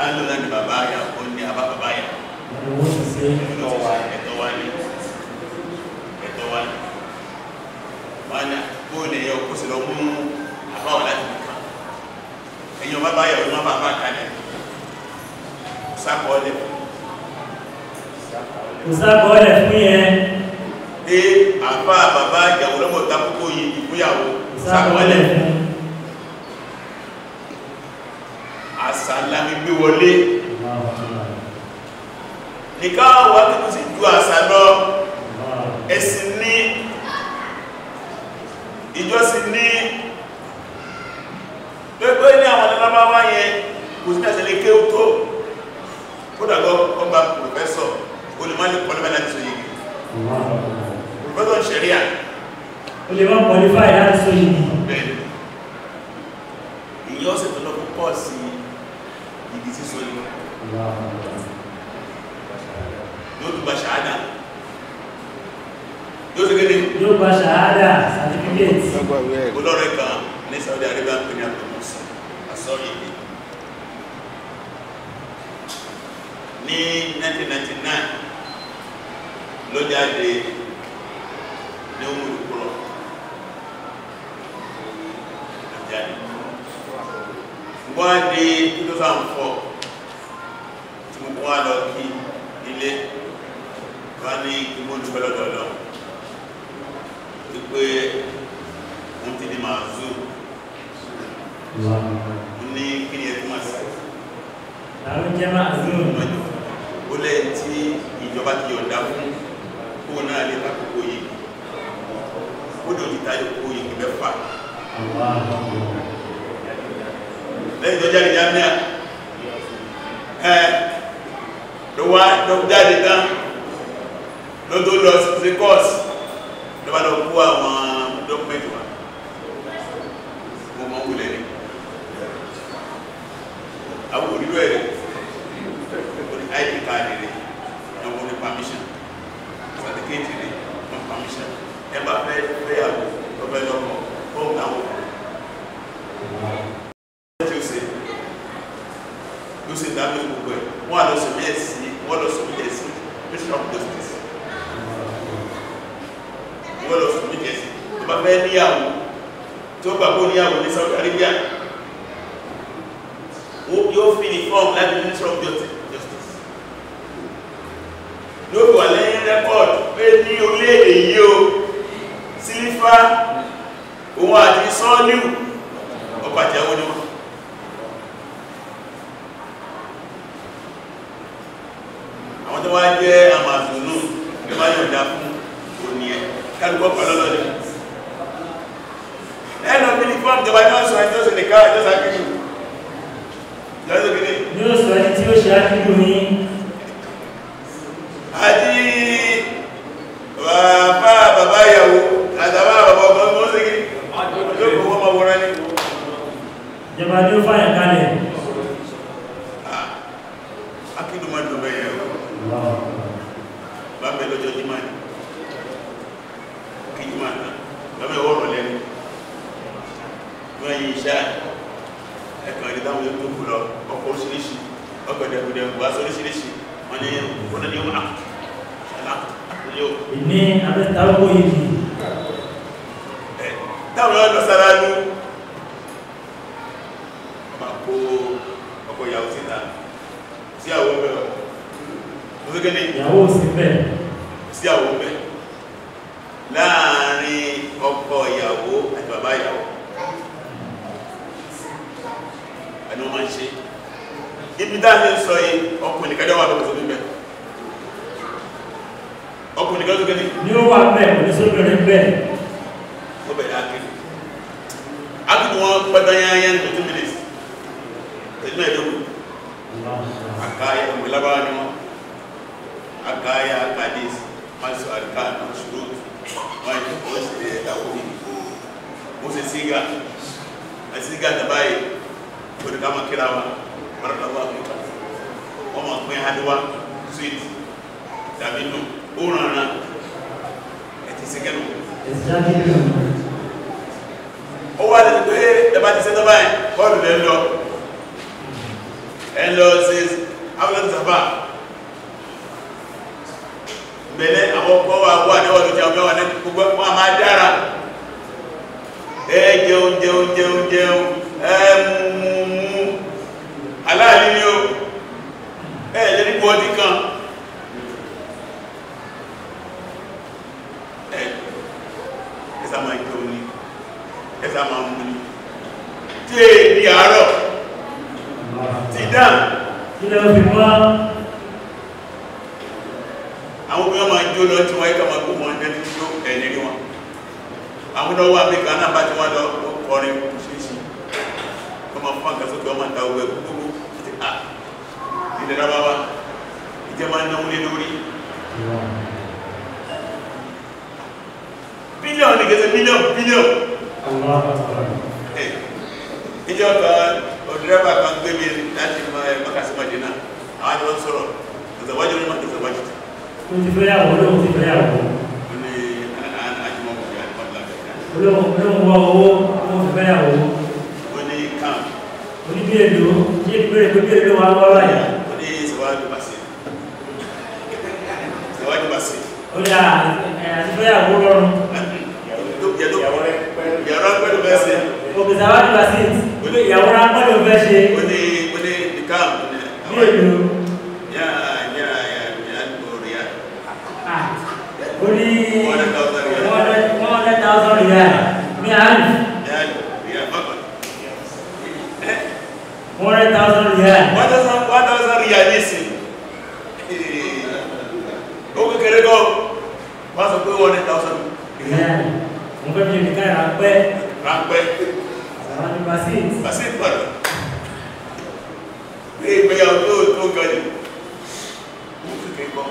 Á lọ́nà ni bàbá yà wò ní àbá yà wò sí ẹ̀tọ́ wa ẹ̀tọ́ wa ni ẹ̀tọ́ wa ni wọn ni kó lè yẹ kó sì lọ mú àbáwọn láti mú kan ẹ̀yin ọba bá yẹ ọdún ọba bá kalẹ̀ sákọọlẹ kò sákọọlẹ fún yẹn wọlé nìkan wà tí kò sí ju àṣà lọ ẹ̀sìn ní ìjọsìn ní pẹ́pẹ́ ní àwọn ọlọ́bàwá yẹn kò sí àṣẹlẹ̀ kéwú tó kódàgọ́ ọgbà pòfẹ́sọ̀ olùmọ́lì pọ̀lọ́mọ́ láti sọ yìí pòfẹ́sọ̀ ṣẹ̀ríà olùmọ́ pọ̀lífà láti sọ yìí yóò gba ṣàhádà certificate. olórin kan ní Saudi Arabia ń pè ní àpòmọ́sí àsọ ìbí ní 1999 ló jáde ní omúlùkúrọ̀ ló jáde wọ́n di 2004 tí mo kọ́ wá lọ kí ilé wọ́n ní kí mo dúpẹ́ lọ́dọọdọ́ wípé wọ́n ti di máa zoom ní kí ni ẹkún máa sí. àwọn jẹ́ máa zoom. ó lẹ́yìn tí ìjọba ti yọ̀ǹda fún kó náà lè bá kókó yìí ó dòdì táyọ̀ kókó yìí mẹ́fà. lẹ́yìn tó jáde jámíà ẹ̀ ló wá lọ jáde tán ló tó lọ sí kọ́ọ̀sì ló bá lọ kó àwọn dọ́kúmẹ́ntì wa ní gọ́ọ̀sù gẹ́ni ní ó wà bẹ́ẹ̀ kò ní sóbìnrin bẹ́ẹ̀ ó bẹ̀rẹ̀ ákìlù ákìlù wọn pẹ́ta yányá ní two minutes ẹ̀dùn ẹ̀dùn àkáyà ìmọ̀lábára ni wọn àkáyà àkàdés masu arkan ṣùgbọ́n wọn yìí ó sì lè dàwọ́ ní mo sì síga síga dàbáyé kò ní ká máa kíra wa mọ́ra lọ́wọ́ àwọn ọmọ pín adúwá sweet dàbí nù ó ràn ràn ẹ̀tì ìsìnkẹ́nu ó wà lẹ́nu pé ẹbá ti sẹ́tọ́ báyìí bọ́ọ̀lù lẹ́ lọ ẹ lọ sí abúlọ́dún sábà bẹ̀lẹ́ àwọn ọkọ̀ wà wà ní ọdún tí a bẹ́ wà ní gbogbo wọn a máa dára ẹ jẹun jẹun jẹun jẹun ẹ mú mú aláàlú ni ó ẹ lẹ́nu bọ́ọ̀dì kan ẹ̀sà máa jẹun ní ẹ̀sà máa mú ní tí èdè àárọ̀ ti dáà ilẹ̀ òfin wá àwọn obìnrin máa jó lọ tí wọ́n ẹ̀kà máa kó wọn jẹ́ tí ó ẹ̀yìn rí wọn àwọn lọ́wọ́ amẹ́kà náà bá ti wọ́n lọ kọrin ṣíṣí wọ́n máa fún àkàsókè ọmọ ìta ọgbẹ́ gbogbo ilẹ̀ rábáwá ìjẹ́ máa ń náwó lé lórí mílíọ̀nù ní million. mílíọ̀nù mílíọ̀nù ìjọ kan ọ̀dẹ́rẹ́bà kan gbé mi láti makasi madina àwọn àjọ ń sọ̀rọ̀ ìzọ̀wájú ní makasi ìzọ̀wájú. o ti fẹ́ yàwó ló ti fẹ́ yàwó. o ní àjùmọ̀ kò yà nípa ìlànà ìlànà. olóhùn wọ owó o ti fẹ́ yàwó. o ní kan. o ní bíi èlò ní ìbéèrè pé bíi èlò wà wọ́n láyà. o ní ìzọ̀wájú bàṣẹ. ìzọ̀wájú bàṣẹ. o ní àti fẹ́ yàwó lọ́rùn ìyàwó gbẹ́dọ̀ bẹ́ẹ̀ ṣe. ògùn sàwọn àdúrà sí ìyàwó rápẹ́dọ̀ bẹ́ẹ̀ ṣe. ó ní ó ní ìkà mi. ráńpẹ́ ráńpẹ́ àwọn ni basit basit padà ní ìgbéyàwó tó tó ga jù ó fi kékọ́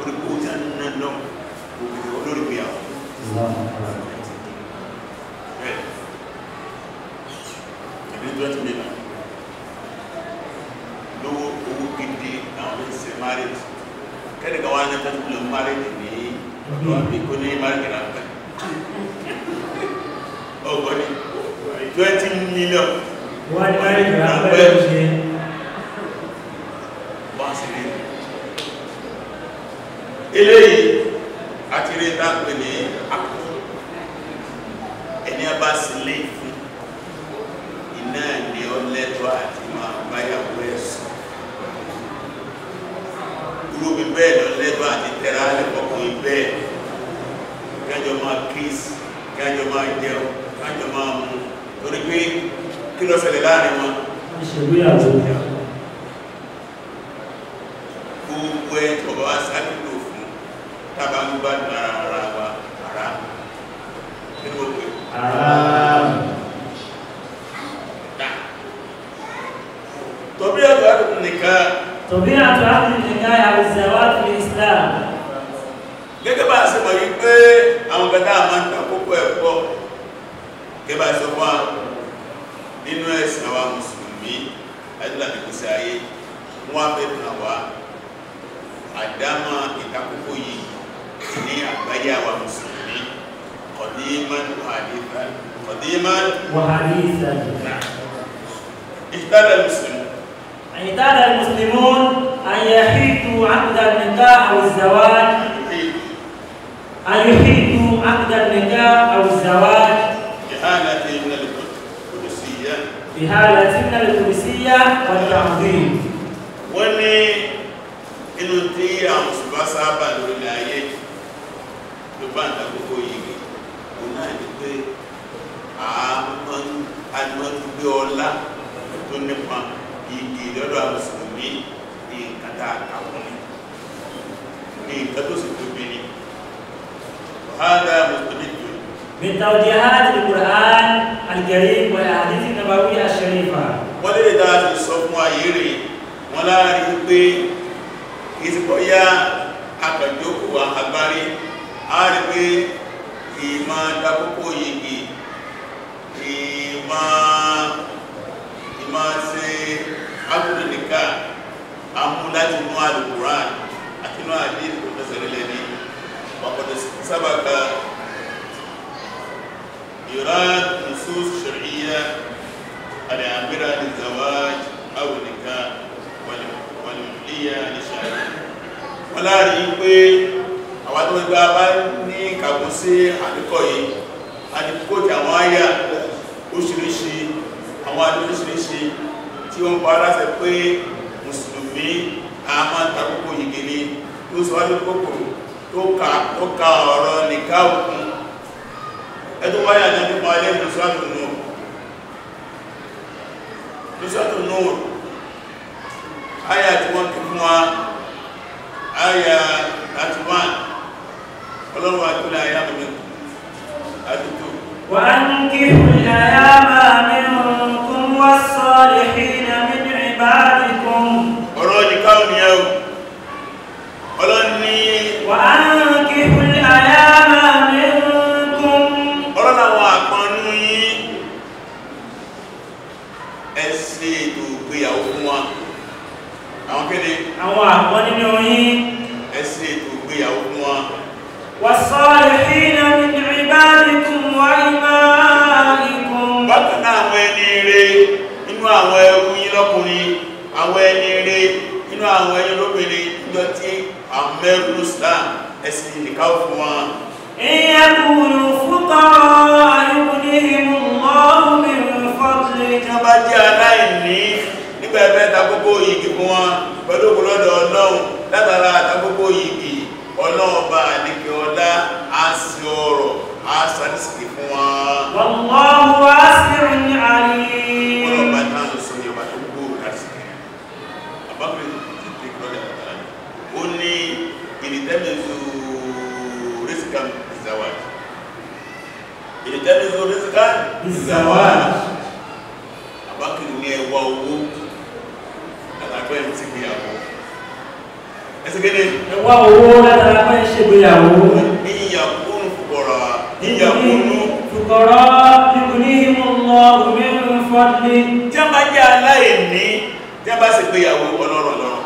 olùkó tí a ń ná lọ òkè olórí ìgbéyàwó ẹ̀mí tó ti nínú lówó owó gidi àwọn ìsẹ̀ marriage kẹ́ni kan wá ní ẹgbẹ́ tó somebody twenty million. wọ́n á Kisai Mwabe Mwawa Adama Itakukuyi Ini Abaya wa Muslimi Kodiman Wahadithan Kodiman Wahadithan nah. Ihtada Muslimu Ihtada Muslimu Ayahidu Abda Nika Awzawad Ayahidu Abda Nika Awzawad ìhàlàtínà ìkùrìsíyà ọ̀tàmùdín wọ́n ní inú tí àwọn ṣùgbá sáábà lórí ayé ló bá ìdàkókò yìí kò náà ní pé àmọ́dúgbé ọlá tó nípa ìdí lọ́dọ̀ àwọn mùsùlùmí ní nǹkan tá a kàwọn ní nǹkan tó sì tóbi ní من توجيهات القرآن الكريم والأحاديث النبوية الشريفة wọ́n lè dáadé sọ fún ayé rẹ̀ wọ́n láàrin pé ìsìnkọ́yá akàjókòó agbárí a rí pé ìmá dákókò yìí ìmá ìmá ṣe agbóhùn nìkan amú láti mú alùkùrán àti inú àdé ìdíkò tẹsẹ̀rẹ̀ lẹ́ni wàkọ̀tẹ̀ sábà kan إيراد نصوص شرعية العامرة للزواج أو النكاح والملية للشارع ولا ريبي àwọn tó gbá bá ní kàbọ̀ sí àdíkọ̀ yìí àdíkòtì àwọn àyà oṣìṣìṣì àwọn adóṣìṣìṣì tí wọ́n pa aláṣẹ pé mùsùlùmí a máa ń takókò yìí gẹ̀lẹ́ tó sọ wájú kòkòrò tó ka ọ̀rọ̀ nìká òkun ẹ̀tọ́ wáyà ní nípa ilé lọ́sọ́tún náà lọ́sọ́tún náà ayà tí wọ́n kí fún wa ayà 31 ọlọ́run àtúlẹ̀ ayà mẹ́rin àdúgbò وأنكحوا الأيام منكم والصالحين من عبادكم ọ̀rọ̀ nìkan ni àwọn àpọ́ nínú yín ẹ ṣe ètò ìgbéyàwó fún wọn wasalihina min ibadikum wa imaikum bákan náà àwọn ẹni rere nínú àwọn ẹrú yín lọ́kùnrin àwọn ẹni rere nínú àwọn ẹni lóbìnrin níjọ tí àwọn islam ẹ̀sìn nìkan fún wọn إن يكونوا فقراء يغنيهم الله من فضله pé ẹgbẹ́ ta yìí fún wọn pẹ̀lú òkúlọ́dọ̀ ọlọ́run látara ta yìí ọlọ́run bá àdìkẹ́ ọlá á sí ọrọ̀ á sàdísìkì fún wọn. wọ́n mọ́ wá sí ìrìn àárín. ọlọ́pàá náà sọ yẹ wà tó gbòòrò láti kẹ́ àbábẹ́ ti tẹ ìkọlẹ̀ àgbà ó ní ìrìtẹ́mẹ̀sọ rẹ́sìkà ìzàwájì ìrìtẹ́mẹ̀sọ rẹ́sìkà ìzàwájì àbákẹ́ ní ẹwà owó látàlágbẹ́ ti gbéyàwó ẹsẹ̀gẹ́dẹ́ ẹwà owó látàlágbẹ́ ṣe gbéyàwó níyàkúnú fùkọ̀rọ̀ níyàkúnú fùkọ̀rọ̀ ìkùníhìmọ̀lọ́ òmìnirun fọ́dí tí a bá jẹ́ aláìní tí a bá sì gbéyàwó ọlọ́rọ̀ lọ́rọ̀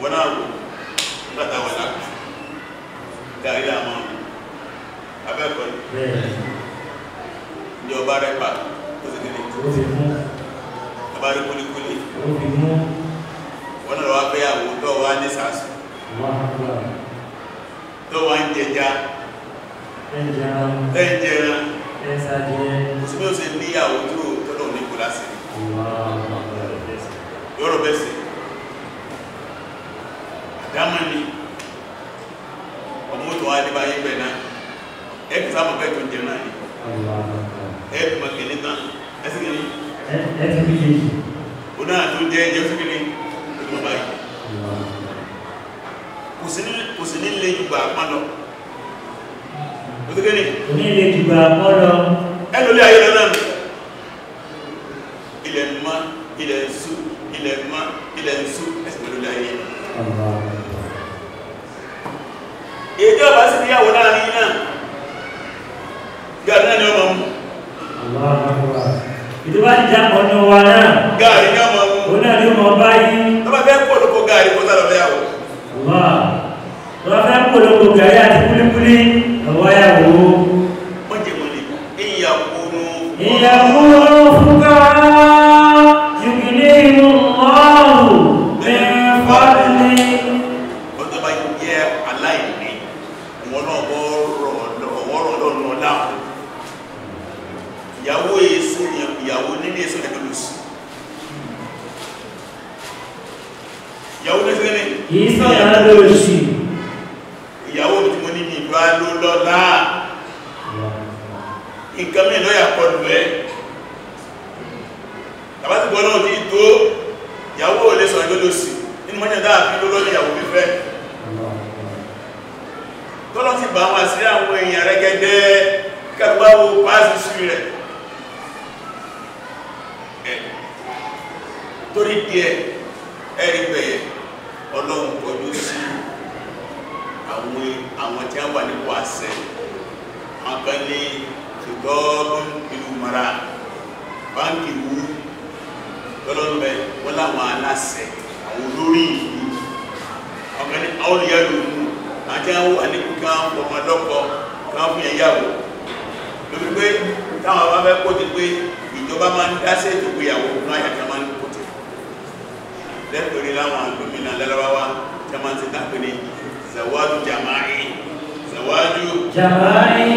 wọ́n náà wò nígbà táwọn aláàbò gàrí àmọ́ abẹ́ẹ̀kọ́ ni ìjọba rẹ̀ pa ó sì kéde parí kúlíkúlí wọ́n náà wá fẹ́yàwó tó wá ní sàásù tó wá ń jẹja ẹjẹran òsìmí ó sì níyàwó tó tọ́lọ̀ ní kò lásìrí yọ́rọ̀ bẹ́sẹ̀ kan wà ní kú kan fọmọ lọ́pọ̀ kan fún ẹ̀yàwó lórí pé táwọn bá fẹ́ kó ti pé ìjọba máa ń dá sí ètò ìgbéyàwó kan àyàkà máa ń kó ti lẹ́pẹ̀rẹ́ láwọn gómìnà lárúbáwá tí a máa ń ti dápẹ́ ní zawadu jama'i zawadu jama'i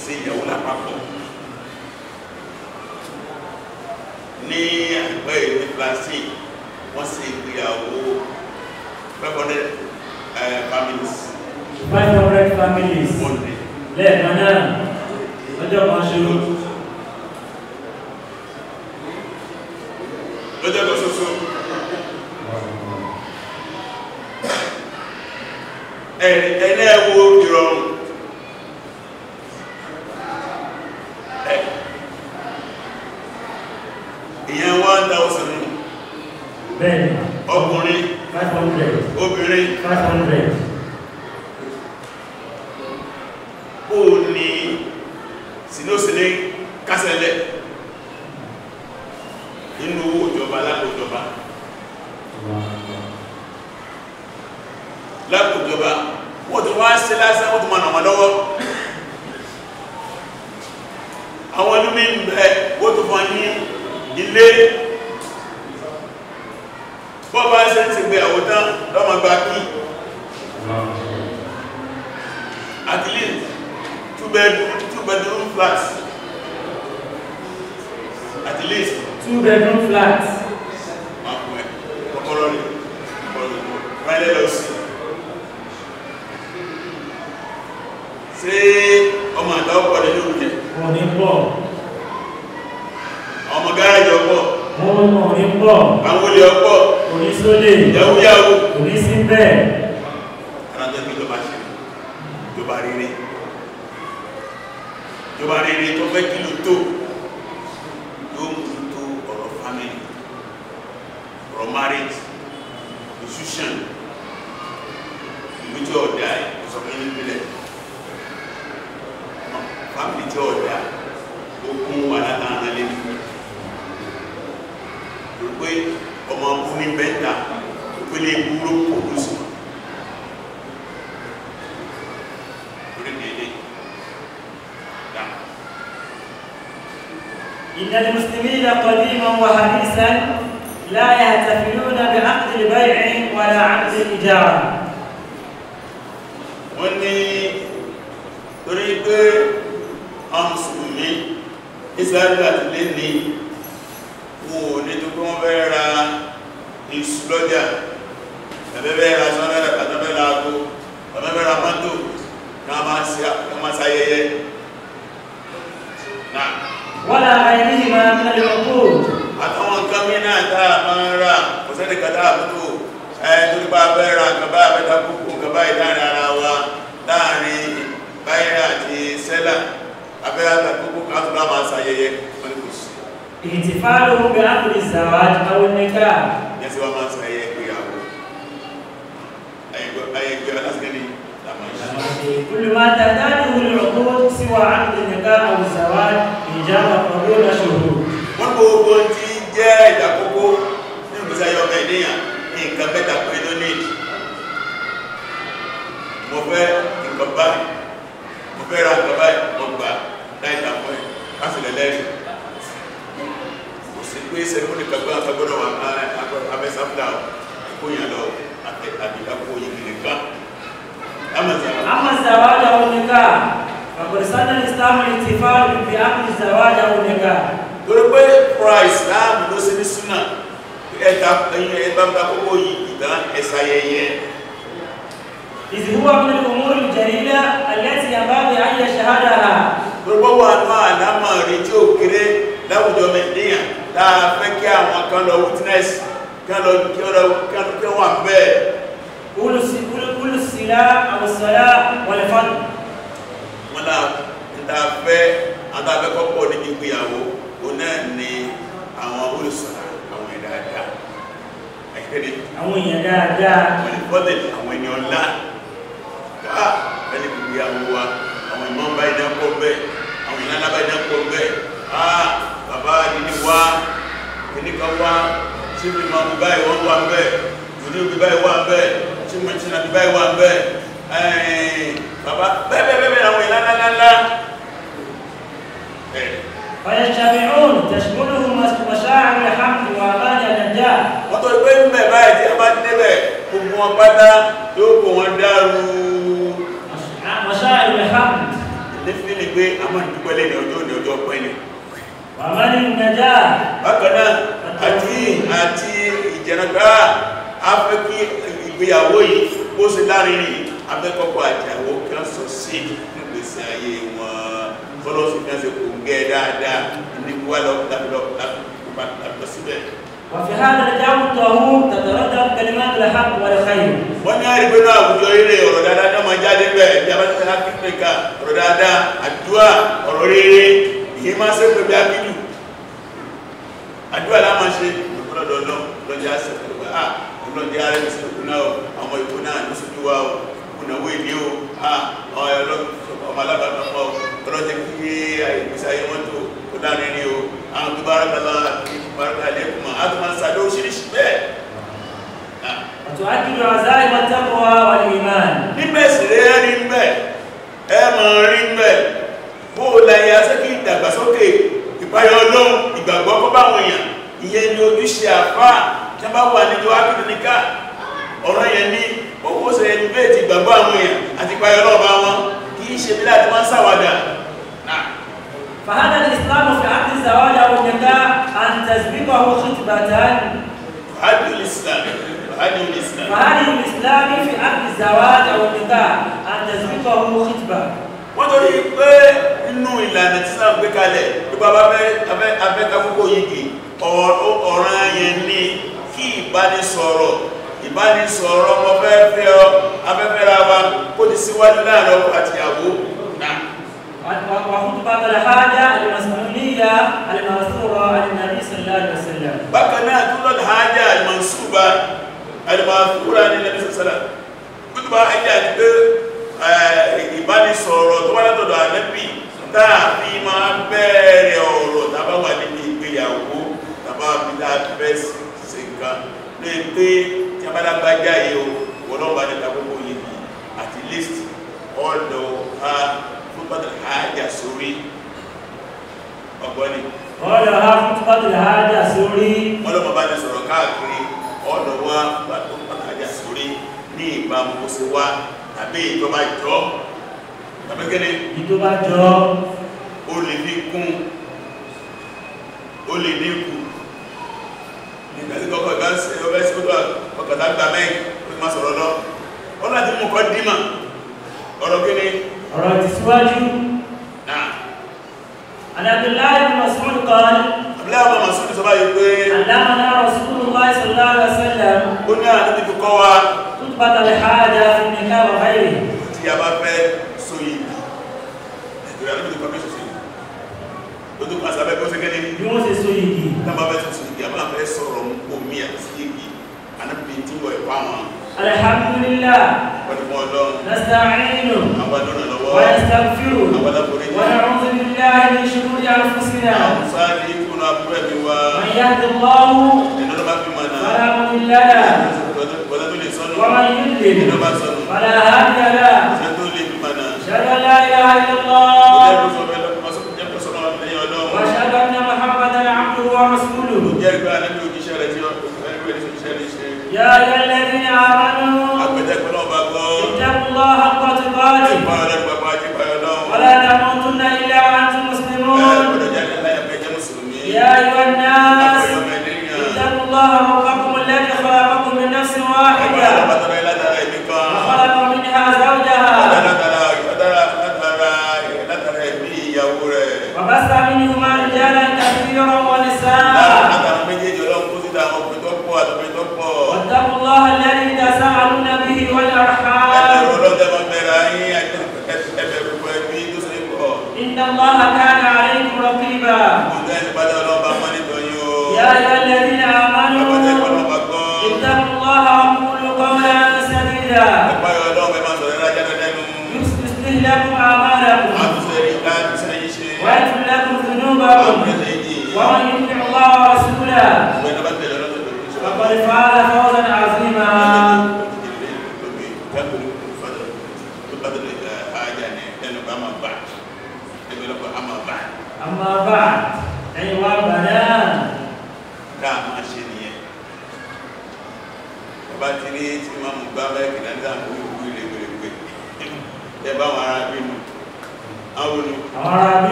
sí ìyàwó lápapọ̀ ní àgbẹ̀ ìlú plastic wọ́n sì ìgbéyàwó 500 Eh, families. five hundred families lẹ́ẹ̀kan náà ọjọ́ kan ṣoṣo. lọ́jọ́ kan ṣoṣo. ẹ̀ẹ́dẹ́gbẹ̀wò ìrọ̀rùn. ìyẹn one thousand. bẹ́ẹ̀ni ọkùnrin five hundred. 500 bó o ní sinósílé kásẹ̀lẹ̀ nínú owó ìjọba lápòjọba lápòjọba wọ́n tó wá sí lásán wọ́n tó mọ̀ nàmà lọ́wọ́ àwọn olúmí ń bẹ wọ́n tó mọ̀ ní ilé bọ́ bá ṣe ti gbé àwọ̀ tán lọ́mọ gba kí at least two bedroom two bedroom flat at least two bedroom flat kọ́kọ́rọ́ ah, ni kọ́kọ́rọ́ ni wáyé lọ sí ṣé ọmọ àtàwọn pọ̀ nínú oúnjẹ òní pọ̀ ọmọ gáàjì ọpọ̀ òní pọ̀ àwọn olè ọpọ̀ kò ní sóde yàwóyàwó kò ní sí bẹ́ẹ̀ alájọ́ pé jọba ṣe jọba rere jọba rere tó fẹ́ kí ló tó إذ هو من الأمور الجليلة التي ينبغي أن يشهدها gbogbo wa náà àlámọ̀ rí tí ó kéré láwùjọ mẹ́díyàn láà fẹ́ kí àwọn kan lọ witness kan lọ kí ó wà bẹ́ẹ̀. olùsílá àwòsàlá wọlé fún. wọn náà níta fẹ́ adáfẹ́kọ́ pọ̀ níbi ìgbéyàwó òun náà ni àwọn olùsọ̀rọ̀ àwọn ẹ̀dá dáa. àwọn èèyàn dáadáa. wọ́n lè fọ́tẹ̀ àwọn ènìyàn láà ká ah, ẹni gbogbo ìyàwó wa àwọn ìmọ̀ bá ìdá pọ̀ bẹ́ẹ̀ àwọn ìlànà bá ìdá pọ̀ bẹ́ẹ̀ á ah, bàbá àdínní wá oníkan wá tí mi máa báyìí wọ́n wá bẹ́ẹ̀ òní òbí báyìí wá bẹ́ẹ̀ tí mo ti báyìí wá bẹ́ẹ̀ bàbá bẹ́ẹ̀ bẹ́ẹ̀ bẹ́ẹ̀ àwọn ìlànà ńláńlá. فيجتمعون تشملهم مشاعر الحمد وأغاني النجاة. ń bẹ̀ báyìí tí a bá débẹ̀ gbogbo nífìlì pé àwọn ìdúpẹ́lẹ̀ ní ọjọ́ ní ọjọ́ pẹ́lẹ̀ bàbá ní nàíjà bákan náà àti àti ìjẹ̀nàgbá afẹ́ kí ìgbéyàwó yìí bó ṣe lárinrin abẹ́kọ̀ọ́kọ́ àjàwó kan sọ sí nígbèsè ayé wọn fọlọ́sùn kan ṣe kò ń gẹ́ dáadáa nígbà lọ́pọ̀ síbẹ̀ وفي هذا الجو الطاهور تتردد كلمات الحق والخير wọ́n ní àrí pẹ̀lú àwùjọ ilé ọ̀rọ̀ dáadáa náà máa jáde bẹ́ẹ̀ bí a bá ti sẹ́lá kíkẹ́kà ọ̀rọ̀ dáadáa àdúrà ọ̀rọ̀ rere èyí máa ṣe pẹ̀lú abídù àdúrà láwọn ṣe lọ́dọọdọ́ lọ́dẹ àṣẹ pẹ̀lú à ah, lọ́dẹ ààrẹ ìṣẹ̀lẹ̀ náà ọmọ ìkó náà ní sójú wa ò kùnà wéèdè ò à ọ̀rọ̀ ọlọ́gbìn ọmọ alábàtàn pọ̀ ọlọ́jẹ́ kí ìgbésí ayé wọn tó kó láàrin rí o àwọn tó bá rákàlá ìbáraka lẹ́kùnmọ̀ á tó máa ń sàdé oríṣiríṣi bẹ́ẹ̀. àtúwájú ọ̀sán ìmọ̀tẹ́kọ̀ọ́ wà ní ìmọ̀ níbẹ̀ sì rẹ́ rí bẹ́ẹ̀ ẹ mọ̀ rí bẹ́ẹ̀ bó o la ya sẹ́kì ìdàgbàsókè ìpayọ̀ ọlọ́run ìgbàgbọ́ kọ́ báwọn èèyàn ìyẹn ni ojúṣe àfá tí wọ́n bá wà níjọ ákìdínníkà ọ̀rọ̀ yẹn ní owó sẹ́yìn bẹ́ẹ̀ ti gbàgbọ́ àwọn èèyàn àti ìpayọ̀ ọlọ́run bá wọn kìí ṣe bí láti wọ́n sáwàdà fàhádà ìsìlámù fi àti ìsàwàdà òmìnira àtẹ̀sìbíkọ̀ ọ̀hún sí ti bàtà fàhádà ìsìlámù fi àti ìsàwàdà òmìnira àtẹ̀sìbíkọ̀ ọ̀hún sí ti bàtà wọ́n torí pé inú ìlànà tí sáà ń gbé kalẹ̀ tó bá bá abẹ́ka púpọ̀ yìí ọ̀ràn yẹn ni kí ìbánisọ̀rọ̀ ìbánisọ̀rọ̀ ọmọ fẹ́ fẹ́ ọ afẹ́fẹ́ ra wa kó ti síwájú láàrin ọkọ àti ìyàwó náà. الحاجة المسؤولية المنصورة عن صلى الله عليه وسلم. bákan náà الحاجة المنصوبة المنصورة عن صلى الله عليه وسلم. خطبة الحاجة àti pé eh, ìbánisọ̀rọ̀ tó wá látọ̀dọ̀ ànábì tá a fi máa bẹ̀rẹ̀ ọ̀rọ̀ tá a bá wà níbi ìgbéyàwó tá a bá fi dá nǹkan lè pé tí a bá lágbájá yìí o wọ́lọ́mbà ní takókò yìí ni at least ọ̀dọ̀ ha fúnpàtà àájà sórí ọgbọ́ni ọ̀dọ̀ ha fúnpàtà àájà sórí ọlọ́mọ bá ní sọ̀rọ̀ káàkiri ọ̀dọ̀ wa fúnpàtà àájà sórí ní ìbámu kó sí wa tàbí ìjọba jọ tàbí kẹ́lẹ́ ìjọba jọ ó lè ní kún ó lè ní kún ìgbàsí kọ́kọ́ ìbáṣe ọbẹ̀ sí kótó ọkàtà gba mẹ́rin ó ti máa sọ̀rọ̀ lọ ó láti mú kọ́ dímà ọ̀rọ̀ kí ni. ọ̀rọ̀ ti síwájú. Abdullahi ibn Mas'ud qala. Abdullahi ibn Mas'ud sọ báyìí pé. Allamana Rasulullah sallallahu alaihi wasallam. Ó ní àná níbi kọ́ wa. Khutbat al-haja fi nikah wa ghayrihi. Tí a bá fẹ́ so yìí, ìgbéyàwó níbi kọ́ bí sọ o tó pàṣẹ abẹ́kọ́ sẹ́kẹ́lẹ́ ni wọ́n ṣe so yìí tábà bẹ́ẹ̀ tó so yìí àbá fẹ́ sọ̀rọ̀ omi àti sí yìí anábìyẹn tí wọ́n ẹ̀kọ́ àwọn. alhamdulillah pẹ̀lúmọ́ ọlọ́run nasta'inu abadọ́nà lọ́wọ́ wa nastaghfiru abadaforí wa na'udhu billahi min shururi anfusina party.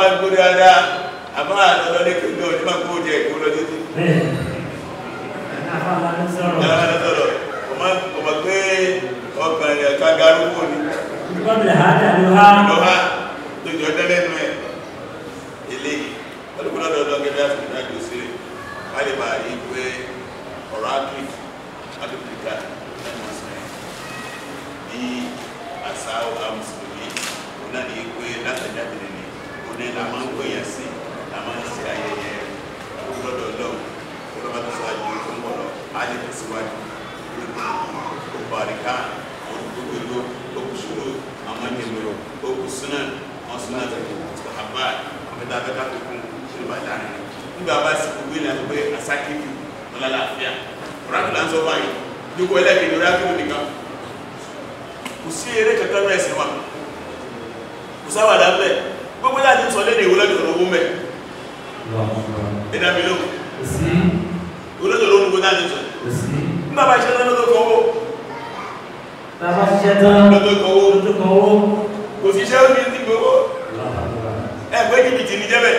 máa ń kó dáadáa àmọ́ àlọ́lọ́ ní kéjọ ní máa kó jẹ ìkó lọ títí. ọmọ pé ọgbọ̀n rẹ̀ kága arúgbó ni lọ́ha tó jọ ha? ẹ̀ ilé ọdún lọ́dọọdọ gẹ́gẹ́ fún ìdájọ́ sí alìbà yìí pé ọ̀rọ̀ áfíríkì áfíríkà ẹ̀mọ̀ sí ní àṣà àwọn mùsùlùmí òun náà ní pé látàjáde nìyí ọ̀nà la máa ń gbẹ̀yàn sí la máa ń ṣe ayẹyẹ olùdọ́dọ̀ lọ́wọ́ olùbàdàn síwájú tó ń bọ̀ lọ alẹ́ kò síwájú olùbàríkà olùgbogbo olùsúrò àwọn ènìyàn olùsúnà wọn súnà tó àbá àbẹ̀tà abẹ́ká tó kún olùbàdàn nígbà bá sì gbogbo ilẹ̀ àti pé asákìkì wọn lálàáfíà rákìlá ń sọ báyìí dúkọ ẹlẹ́gbẹ̀ẹ́ rákìlá nìkan kò sí eré kankan náà ẹ̀sìn wa kò sáwà lábẹ́ gbogbo dájú sọ lédè ìwọlọ́dún olówó mẹ́ ẹ̀dàbí ló ìwọlọ́dún olówó gbogbo dájú sọ ní bàbá iṣẹ́ tán lọ́dún kan owó bàbá iṣẹ́ tán lọ́dún kan owó kò sí iṣẹ́ omi ti gbowó ẹgbẹ́ jìbìtì ní jẹ́bẹ̀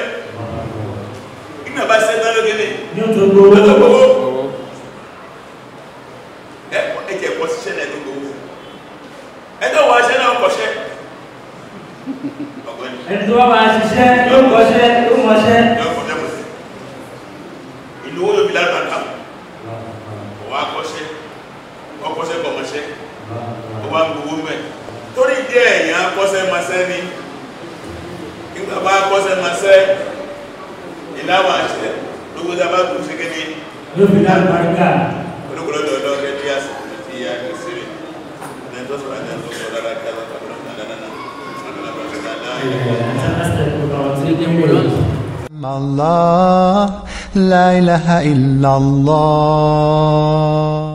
nígbà iṣẹ́ tán lọ́dún kan bá máa ṣiṣẹ́ yóò kọ́ṣẹ́ yóò mọṣẹ́. إله إلا الله